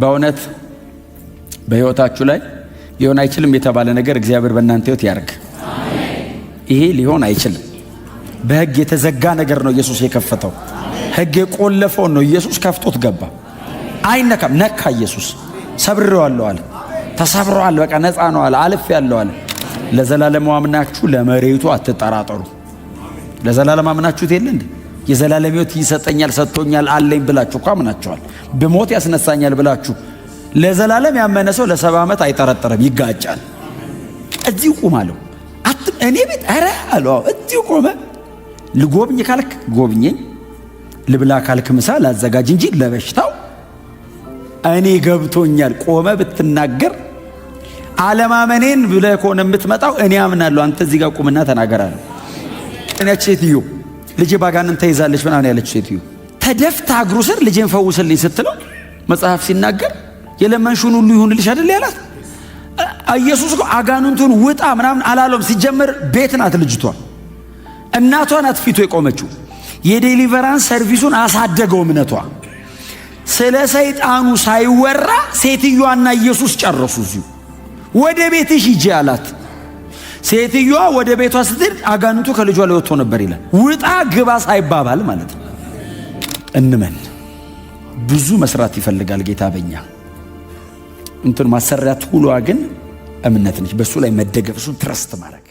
በእውነት በሕይወታችሁ ላይ ሊሆን አይችልም የተባለ ነገር እግዚአብሔር በእናንተ ሕይወት ያርግ። ይሄ ሊሆን አይችልም። በሕግ የተዘጋ ነገር ነው ኢየሱስ የከፈተው። ሕግ የቆለፈውን ነው ኢየሱስ ከፍቶት ገባ። አይነካም፣ ነካ። ኢየሱስ ሰብሬዋለሁ አለ። ተሰብረዋል፣ በቃ ነፃ ነው አለ። አልፌያለሁ አለ። ለዘላለም አምናችሁ ለመሬቱ አትጠራጠሩ። ለዘላለም አምናችሁት የለ እንዴ? የዘላለም ሕይወት ይሰጠኛል ሰጥቶኛል አለኝ ብላችሁ እኮ አምናችኋል። ብሞት ያስነሳኛል ብላችሁ ለዘላለም ያመነ ሰው ለሰባ ዓመት አይጠረጠረም፣ ይጋጫል። እዚሁ ቁም አለው። እኔ ቤት ኧረ አለ እዚሁ ቆመ። ልጎብኝ ካልክ ጎብኘኝ፣ ልብላ ካልክ ምሳ ላዘጋጅ እንጂ ለበሽታው እኔ ገብቶኛል። ቆመ ብትናገር አለማመኔን ብለህ ከሆነ የምትመጣው እኔ አምናለሁ። አንተ እዚህ ጋር ቁምና ተናገራለሁ። እኔ ሴትዮ ልጄ ባጋንን ተይዛለች ምናምን ያለች ሴትዮ ተደፍታ እግሩ ስር ልጄን ፈውስልኝ ስትለው መጽሐፍ ሲናገር የለመንሽውን ሁሉ ይሁንልሽ አይደል ያላት። ኢየሱስ እኮ አጋንንቱን ውጣ ምናምን አላለም ሲጀመር ቤት ናት ልጅቷ፣ እናቷ ናት ፊቱ የቆመችው። የዴሊቨራንስ ሰርቪሱን አሳደገው እምነቷ። ስለ ሰይጣኑ ሳይወራ ሴትዮዋና ኢየሱስ ጨረሱ። እዚሁ ወደ ቤትሽ ሂጂ አላት። ሴትዮዋ ወደ ቤቷ ስትሄድ አጋንንቱ ከልጇ ላይ ወጥቶ ነበር ይላል። ውጣ ግባ ሳይባባል ማለት ነው። እንመን ብዙ መስራት ይፈልጋል ጌታ በኛ እንትን ማሰሪያ ሁሏ ግን እምነት ነች። በእሱ ላይ መደገፍ እሱን ትረስት ማድረግ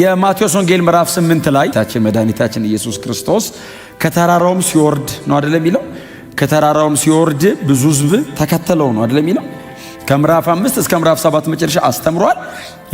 የማቴዎስ ወንጌል ምዕራፍ ስምንት ላይ ታችን መድኃኒታችን ኢየሱስ ክርስቶስ ከተራራውም ሲወርድ ነው አደለ የሚለው ከተራራውም ሲወርድ ብዙ ህዝብ ተከተለው ነው አደለ የሚለው ከምዕራፍ አምስት እስከ ምዕራፍ ሰባት መጨረሻ አስተምሯል።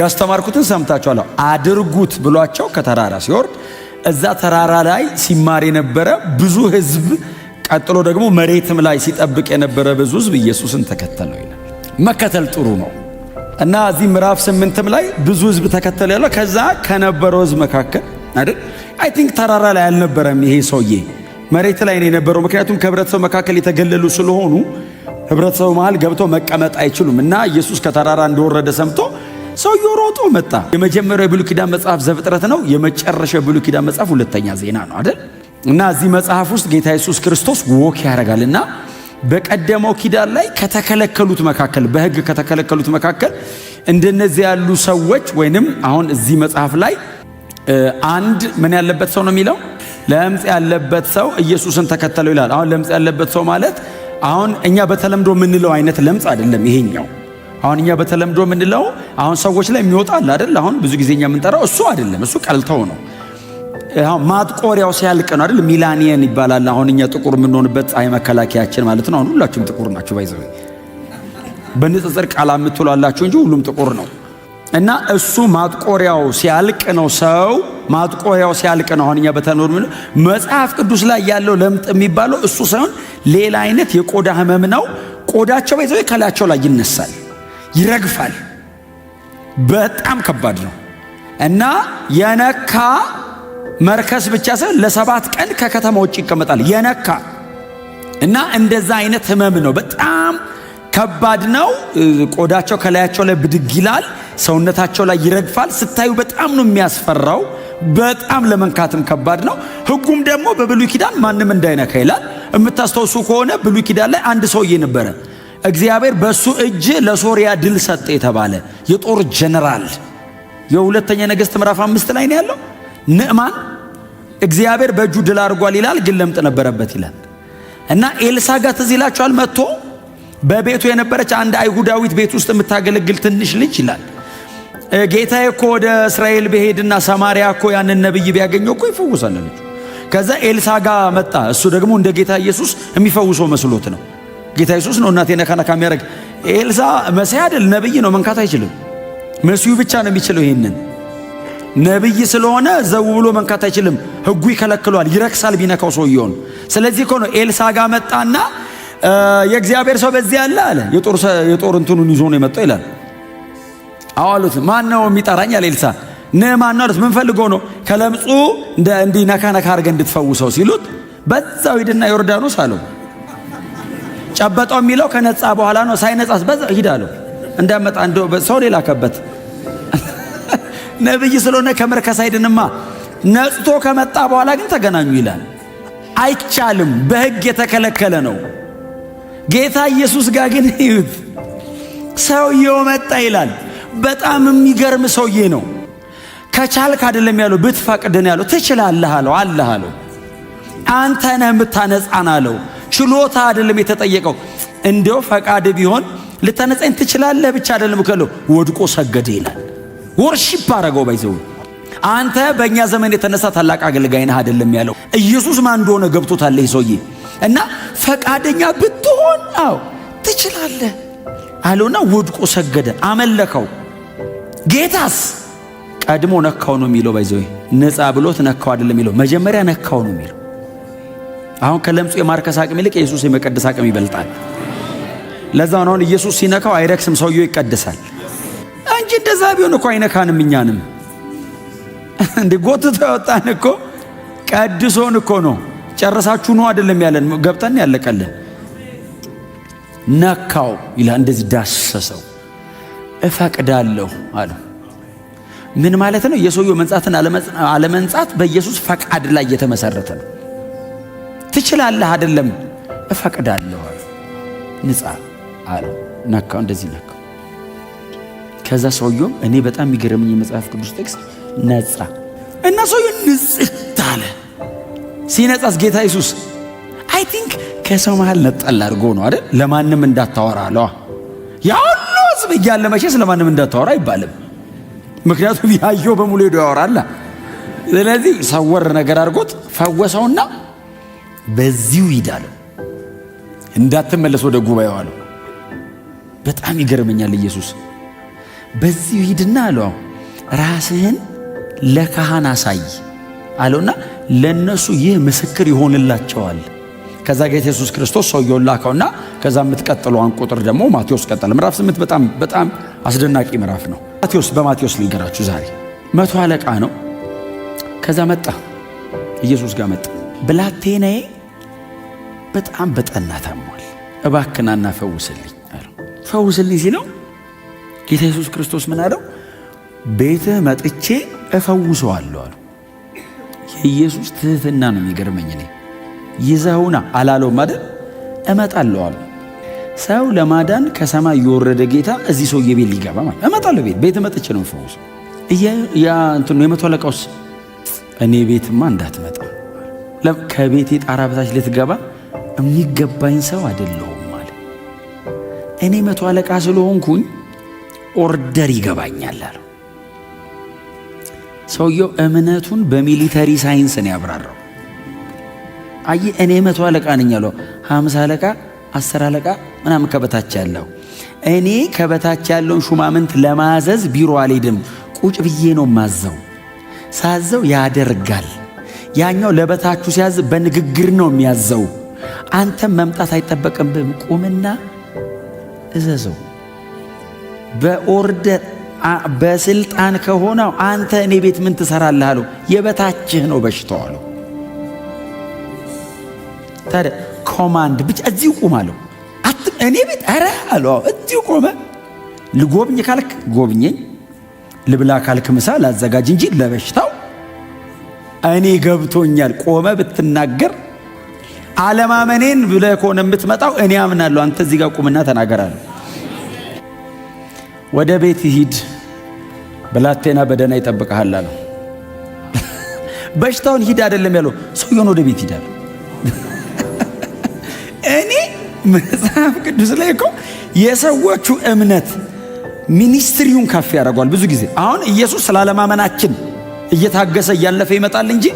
ያስተማርኩትን ሰምታችኋለሁ አድርጉት ብሏቸው ከተራራ ሲወርድ እዛ ተራራ ላይ ሲማር የነበረ ብዙ ህዝብ ቀጥሎ ደግሞ መሬትም ላይ ሲጠብቅ የነበረ ብዙ ህዝብ ኢየሱስን ተከተለው ይላል። መከተል ጥሩ ነው እና እዚህ ምዕራፍ ስምንትም ላይ ብዙ ህዝብ ተከተለ ያለው ከዛ ከነበረው ህዝብ መካከል አይደል አይ ቲንክ ተራራ ላይ አልነበረም ይሄ ሰውዬ መሬት ላይ ነው የነበረው። ምክንያቱም ከህብረተሰቡ መካከል የተገለሉ ስለሆኑ ህብረተሰቡ መሃል ገብተው መቀመጥ አይችሉም እና ኢየሱስ ከተራራ እንደወረደ ሰምቶ ሰውየው ሮጦ መጣ። የመጀመሪያው የብሉይ ኪዳን መጽሐፍ ዘፍጥረት ነው። የመጨረሻው የብሉይ ኪዳን መጽሐፍ ሁለተኛ ዜና ነው አይደል? እና እዚህ መጽሐፍ ውስጥ ጌታ ኢየሱስ ክርስቶስ ወክ ያደርጋልና በቀደመው ኪዳን ላይ ከተከለከሉት መካከል በሕግ ከተከለከሉት መካከል እንደነዚህ ያሉ ሰዎች ወይንም አሁን እዚህ መጽሐፍ ላይ አንድ ምን ያለበት ሰው ነው የሚለው ለምጽ ያለበት ሰው ኢየሱስን ተከተለው ይላል። አሁን ለምጽ ያለበት ሰው ማለት አሁን እኛ በተለምዶ የምንለው አይነት ለምጽ አይደለም ይሄኛው። አሁን እኛ በተለምዶ የምንለው አሁን ሰዎች ላይ አለ አይደል? አሁን ብዙ ጊዜ እኛ የምንጠራው እሱ አይደለም። እሱ ቀልተው ነው። ማጥቆሪያው ሲያልቅ ነው አይደል? ሚላኒየን ይባላል። አሁን እኛ ጥቁር የምንሆንበት ፀሐይ መከላከያችን ማለት ነው። አሁን ሁላችሁም ጥቁር ናችሁ። ባይዘ በንጽጽር ቃላ የምትሏላችሁ እንጂ ሁሉም ጥቁር ነው። እና እሱ ማጥቆሪያው ሲያልቅ ነው። ሰው ማጥቆሪያው ሲያልቅ ነው። አሁን እኛ በተኖር መጽሐፍ ቅዱስ ላይ ያለው ለምጥ የሚባለው እሱ ሳይሆን ሌላ አይነት የቆዳ ህመም ነው። ቆዳቸው በይዘ ከላያቸው ላይ ይነሳል። ይረግፋል። በጣም ከባድ ነው እና የነካ መርከስ ብቻ ሳይሆን ለሰባት ቀን ከከተማ ውጭ ይቀመጣል። የነካ እና እንደዛ አይነት ህመም ነው። በጣም ከባድ ነው። ቆዳቸው ከላያቸው ላይ ብድግ ይላል፣ ሰውነታቸው ላይ ይረግፋል። ስታዩ በጣም ነው የሚያስፈራው። በጣም ለመንካትም ከባድ ነው። ህጉም ደግሞ በብሉይ ኪዳን ማንም እንዳይነካ ይላል። የምታስታውሱ ከሆነ ብሉይ ኪዳን ላይ አንድ ሰውዬ ነበረ እግዚአብሔር በእሱ እጅ ለሶሪያ ድል ሰጠ የተባለ የጦር ጀነራል የሁለተኛ ነገሥት ምዕራፍ አምስት ላይ ነው ያለው። ንዕማን እግዚአብሔር በእጁ ድል አድርጓል ይላል፣ ግን ለምጥ ነበረበት ይላል እና ኤልሳ ጋር ትዝ ይላችኋል። መጥቶ በቤቱ የነበረች አንድ አይሁዳዊት ቤት ውስጥ የምታገለግል ትንሽ ልጅ ይላል ጌታዬ እኮ ወደ እስራኤል ብሄድና ሰማሪያ እኮ ያንን ነቢይ ቢያገኘው እኮ ይፈውሳል ከዛ ኤልሳ ጋር መጣ። እሱ ደግሞ እንደ ጌታ ኢየሱስ የሚፈውሰው መስሎት ነው ጌታ ኢየሱስ ነው እናቴ ነካ ነካ የሚያደርግ ኤልሳ መሲህ አይደል ነብይ ነው መንካት አይችልም መሲሁ ብቻ ነው የሚችለው ይሄንን ነብይ ስለሆነ ዘው ብሎ መንካት አይችልም ህጉ ይከለክሏል ይረክሳል ቢነካው ሰውየውን ስለዚህ እኮ ነው ኤልሳ ጋር መጣና የእግዚአብሔር ሰው በዚህ ያለ አለ የጦር እንትኑን ይዞ ነው የመጣው ይላል አዋሉት ማን ነው የሚጠራኝ አለ ኤልሳ ማን ነው አሉት ምን ነው ከለምጹ እንዲህ ነካ ነካ አድርገህ እንድትፈውሰው ሲሉት በዛው ሂድና ዮርዳኖስ አለው ጨበጠው የሚለው ከነጻ በኋላ ነው። ሳይነጻስ በዛ ሂድ እንዳመጣ እንዳመጣ ሰው ላከበት ነብይ ስለሆነ ከመርከስ አይድንማ። ነጽቶ ከመጣ በኋላ ግን ተገናኙ ይላል። አይቻልም፣ በሕግ የተከለከለ ነው። ጌታ ኢየሱስ ጋር ግን ይዩት፣ ሰውየው መጣ ይላል። በጣም የሚገርም ሰውዬ ነው። ከቻልክ አይደለም ያለው ብትፈቅድን ያለው ትችላለህ አለው። አንተ ነህ የምታነጻን አለው። ችሎታ አይደለም የተጠየቀው። እንደው ፈቃድ ቢሆን ልታነጻኝ ትችላለህ ብቻ አይደለም ከለው ወድቆ ሰገደ ይላል። ወርሺፕ አረገው ባይዘው አንተ በእኛ ዘመን የተነሳ ታላቅ አገልጋይ ነህ አይደለም ያለው። ኢየሱስ ማን እንደሆነ ገብቶታል ይህ ሰውዬ። እና ፈቃደኛ ብትሆን አው ትችላለህ አለውና ወድቆ ሰገደ፣ አመለከው። ጌታስ ቀድሞ ነካው ነው የሚለው። ባይዘው ነፃ ብሎት ነካው አይደለም የሚለው፣ መጀመሪያ ነካው ነው የሚለው። አሁን ከለምጹ የማርከስ አቅም ይልቅ ኢየሱስ የመቀደስ አቅም ይበልጣል። ለዛ ነው አሁን ኢየሱስ ሲነካው አይረክስም፣ ሰውየው ይቀደሳል እንጂ እንደዛ ቢሆን እኮ አይነካንም። እኛንም እንደ ጎትቶ ያወጣን እኮ ቀድሶን እኮ ነው። ጨረሳችሁ ነው አይደለም ያለን፣ ገብተን ያለቀልን። ነካው ይላል፣ እንደዚህ ዳሰሰው። እፈቅዳለሁ አለ። ምን ማለት ነው? የሰውየው መንጻትን አለመንጻት በኢየሱስ ፈቃድ ላይ የተመሰረተ ነው። ትችላለህ አይደለም እፈቅዳለሁ ንጻ አለ ነካው፣ እንደዚህ ነካው። ከዛ ሰውየውም እኔ በጣም የሚገርምኝ የመጽሐፍ ቅዱስ ጥቅስ ነጻ እና ሰውየው ንጽት አለ። ሲነጻስ ጌታ ኢየሱስ አይ ቲንክ ከሰው መሃል ነጠል አድርጎ ነው አይደል? ለማንም እንዳታወራ አለዋ። ያሁሉ ህዝብ እያለ መቼስ ለማንም እንዳታወራ አይባልም። ምክንያቱም ያየው በሙሉ ሄዶ ያወራላ። ስለዚህ ሰወር ነገር አድርጎት ፈወሰውና በዚሁ ይዳለው እንዳትመለስ ወደ ጉባኤው አለው። በጣም ይገርመኛል። ኢየሱስ በዚሁ ሂድና አለው ራስህን ለካህን አሳይ አለውና ለእነሱ ይህ ምስክር ይሆንላቸዋል። ከዛ ጌታ ኢየሱስ ክርስቶስ ሰውየውን ላከውና ከዛ የምትቀጥለዋን ቁጥር ደግሞ ማቴዎስ ቀጠለ። ምዕራፍ ስምንት በጣም በጣም አስደናቂ ምዕራፍ ነው። ማቴዎስ በማቴዎስ ልንገራችሁ ዛሬ መቶ አለቃ ነው። ከዛ መጣ ኢየሱስ ጋር መጣ ብላቴናዬ በጣም በጠና ታሟል፣ እባክናና ፈውስልኝ አለው። ፈውስልኝ ሲለው ጌታ ኢየሱስ ክርስቶስ ምን አለው? ቤትህ መጥቼ እፈውሰዋለሁ አሉ። የኢየሱስ ትህትና ነው የሚገርመኝ። እኔ ይዘውና አላለውም አይደል? እመጣለሁ አሉ። ሰው ለማዳን ከሰማይ የወረደ ጌታ እዚህ ሰውዬ ቤት ሊገባ ማለት እመጣለሁ፣ ቤት ቤት መጥቼ ነው ፈውስ። እያ እንትኑ የመቶ አለቃውስ እኔ ቤትማ እንዳትመጣ ከቤቴ ጣራ በታች ልትገባ የሚገባኝ ሰው አይደለሁም አለ። እኔ መቶ አለቃ ስለሆንኩኝ ኦርደር ይገባኛል አለ። ሰውየው እምነቱን በሚሊተሪ ሳይንስ ነው ያብራራው። አይ እኔ መቶ አለቃ ነኝ አለው። ሀምሳ አለቃ፣ አስር አለቃ ምናምን ከበታች ያለው እኔ ከበታች ያለውን ሹማምንት ለማዘዝ ቢሮ አልሄድም። ቁጭ ብዬ ነው ማዘው። ሳዘው ያደርጋል ያኛው ለበታችሁ ሲያዝ በንግግር ነው የሚያዘው። አንተም መምጣት አይጠበቅብህም። ቁምና እዘዘው በኦርደር በስልጣን ከሆነው አንተ እኔ ቤት ምን ትሰራለህ አለው። የበታችህ ነው በሽታው አለው። ታዲያ ኮማንድ ብቻ እዚሁ ቁም አለው። እኔ ቤት ኧረ አለው። እዚሁ ቆመ። ልጎብኝ ካልክ ጎብኘኝ፣ ልብላ ካልክ ምሳ ላዘጋጅ እንጂ ለበሽታው እኔ ገብቶኛል። ቆመ ብትናገር አለማመኔን ብለ ከሆነ የምትመጣው እኔ አምናለሁ። አንተ እዚህ ጋር ቁምና ተናገራለሁ። ወደ ቤት ሂድ፣ ብላቴና በደና ይጠብቀሃል አለው። በሽታውን ሂድ አይደለም ያለው፣ ሰውየውን ወደ ቤት ሂዳል። እኔ መጽሐፍ ቅዱስ ላይ እኮ የሰዎቹ እምነት ሚኒስትሪውን ከፍ ያደርጓል። ብዙ ጊዜ አሁን ኢየሱስ ስላለማመናችን እየታገሰ እያለፈ ይመጣል እንጂ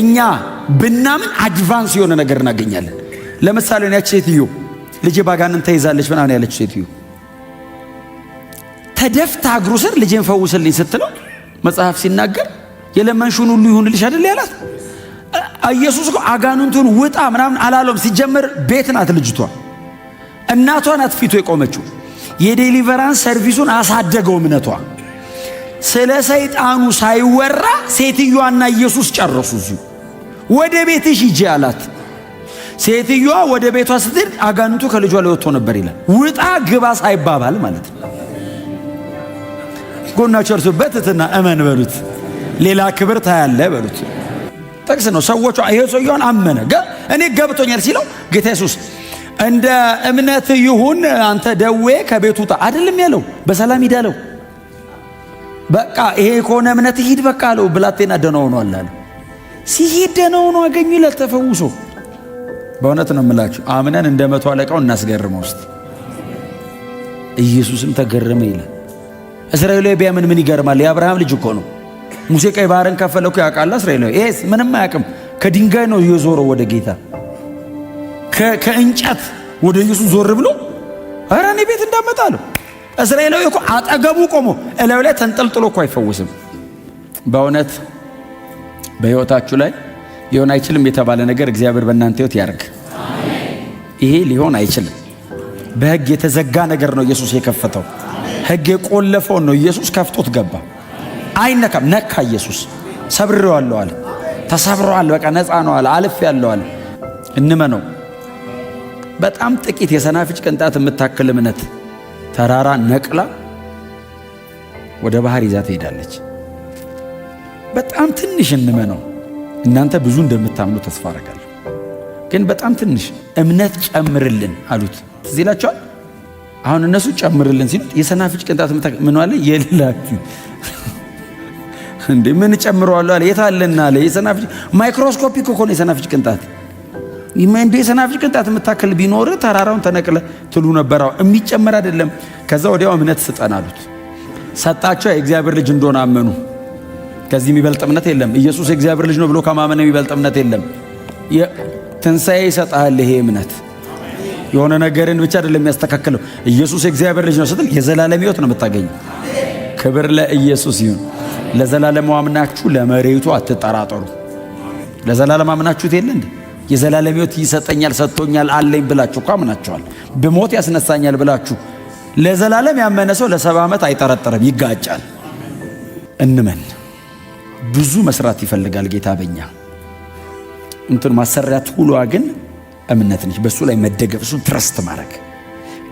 እኛ ብናምን አድቫንስ የሆነ ነገር እናገኛለን። ለምሳሌ ያች ሴትዮ ልጄ ባጋንን ተይዛለች ምናምን ያለች ሴትዮ ተደፍታ እግሩ ስር ልጄን ፈውስልኝ ስትለው መጽሐፍ ሲናገር የለመንሽውን ሁሉ ይሁንልሽ አይደል ያላት። ኢየሱስ እኮ አጋንንቱን ውጣ ምናምን አላለም ሲጀመር ቤት ናት ልጅቷ፣ እናቷ ናት ፊቱ የቆመችው። የዴሊቨራንስ ሰርቪሱን አሳደገው እምነቷ ስለ ሰይጣኑ ሳይወራ ሴትዮዋና ኢየሱስ ጨረሱ። እዚሁ ወደ ቤትሽ ሂጂ አላት። ሴትዮዋ ወደ ቤቷ ስትሄድ አጋንንቱ ከልጇ ላይ ወጥቶ ነበር ይላል። ውጣ ግባ ሳይባባል ማለት ነው። ጎናቸው እርሱ በትትና እመን በሉት፣ ሌላ ክብር ታያለ በሉት። ጥቅስ ነው። ሰዎቿ ይሄ ሰውየውን አመነ። እኔ ገብቶኛል ሲለው ጌታ ኢየሱስ እንደ እምነት ይሁን አንተ ደዌ ከቤት ውጣ አይደለም ያለው፣ በሰላም ሂድ አለው። በቃ ይሄ ከሆነ እምነት ሂድ በቃ አለው። ብላቴና ደህና ሆኖ አለ። ሲሄድ ደህና ሆኖ አገኙ ይላል ተፈውሶ። በእውነት ነው የምላችሁ፣ አምነን እንደ መቶ አለቃው እናስገርመው ውስጥ ኢየሱስም ተገረመ ይላል። እስራኤላዊ ቢያምን ምን ይገርማል? የአብርሃም ልጅ እኮ ነው። ሙሴ ቀይ ባህርን ከፈለ እኮ ያውቃል። እስራኤላዊ ይሄስ ምንም አያውቅም። ከድንጋይ ነው የዞረው ወደ ጌታ ከእንጨት ወደ ኢየሱስ ዞር ብሎ ኧረ እኔ ቤት አለው። እስራኤላዊ እኮ አጠገቡ ቆሞ እላዩ ላይ ተንጠልጥሎ እኮ አይፈውስም። በእውነት በሕይወታችሁ ላይ ሊሆን አይችልም የተባለ ነገር እግዚአብሔር በእናንተ ሕይወት ያደርግ። ይሄ ሊሆን አይችልም። በሕግ የተዘጋ ነገር ነው ኢየሱስ የከፈተው። ሕግ የቆለፈውን ነው ኢየሱስ ከፍቶት ገባ። አይነካም። ነካ። ኢየሱስ ሰብሬዋለሁ አለ። ተሰብረዋል። በቃ ነፃ ነው አለ። አልፌያለሁ አለ። እንመነው። በጣም ጥቂት የሰናፍጭ ቅንጣት የምታክል እምነት ተራራ ነቅላ ወደ ባህር ይዛ ትሄዳለች። በጣም ትንሽ እንመነው። እናንተ ብዙ እንደምታምኑ ተስፋ አረጋለሁ፣ ግን በጣም ትንሽ እምነት ጨምርልን አሉት። ትዝ ይላቸዋል። አሁን እነሱ ጨምርልን ሲሉት የሰናፍጭ ቅንጣት ምን አለ የሌላችሁ እንዴ ምን ጨምረዋለሁ አለ። የታለና አለ የሰናፍጭ ማይክሮስኮፒክ እኮ ነው የሰናፍጭ ቅንጣት እንደ የሰናፍጭ ቅንጣት የምታክል ቢኖር ተራራውን ተነቅለ ትሉ ነበር። የሚጨመር አይደለም። ከዛ ወዲያው እምነት ስጠን አሉት። ሰጣቸው። የእግዚአብሔር ልጅ እንደሆነ አመኑ። ከዚህ የሚበልጥ እምነት የለም። ኢየሱስ የእግዚአብሔር ልጅ ነው ብሎ ከማመን የሚበልጥ እምነት የለም። ትንሣኤ ይሰጣል። ይሄ እምነት የሆነ ነገርን ብቻ አይደለም የሚያስተካክለው። ኢየሱስ የእግዚአብሔር ልጅ ነው ስትል የዘላለም ሕይወት ነው የምታገኘው። ክብር ለኢየሱስ ይሁን። ለዘላለም አምናችሁ ለመሬቱ አትጠራጠሩ። ለዘላለም አምናችሁት የለ እንዴ? የዘላለም ህይወት ይሰጠኛል ሰጥቶኛል አለኝ ብላችሁ እኮ አምናችኋል። ብሞት ያስነሳኛል ብላችሁ ለዘላለም ያመነ ሰው ለሰባ ዓመት አይጠረጠርም፣ ይጋጫል። እንመን። ብዙ መስራት ይፈልጋል ጌታ በኛ እንትን ማሰሪያት ሁሏ ግን እምነት ነች። በእሱ ላይ መደገፍ፣ እሱን ትረስት ማድረግ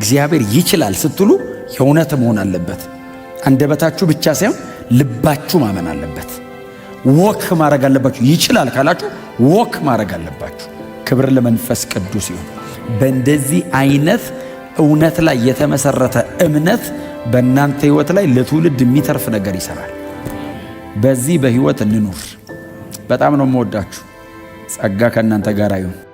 እግዚአብሔር ይችላል ስትሉ የእውነት መሆን አለበት። አንደበታችሁ ብቻ ሳይሆን ልባችሁ ማመን አለበት። ወክ ማድረግ አለባችሁ። ይችላል ካላችሁ ወክ ማድረግ አለባችሁ። ክብር ለመንፈስ ቅዱስ ይሁን። በእንደዚህ አይነት እውነት ላይ የተመሰረተ እምነት በእናንተ ህይወት ላይ ለትውልድ የሚተርፍ ነገር ይሰራል። በዚህ በህይወት እንኑር። በጣም ነው የምወዳችሁ። ጸጋ ከእናንተ ጋር ይሁን።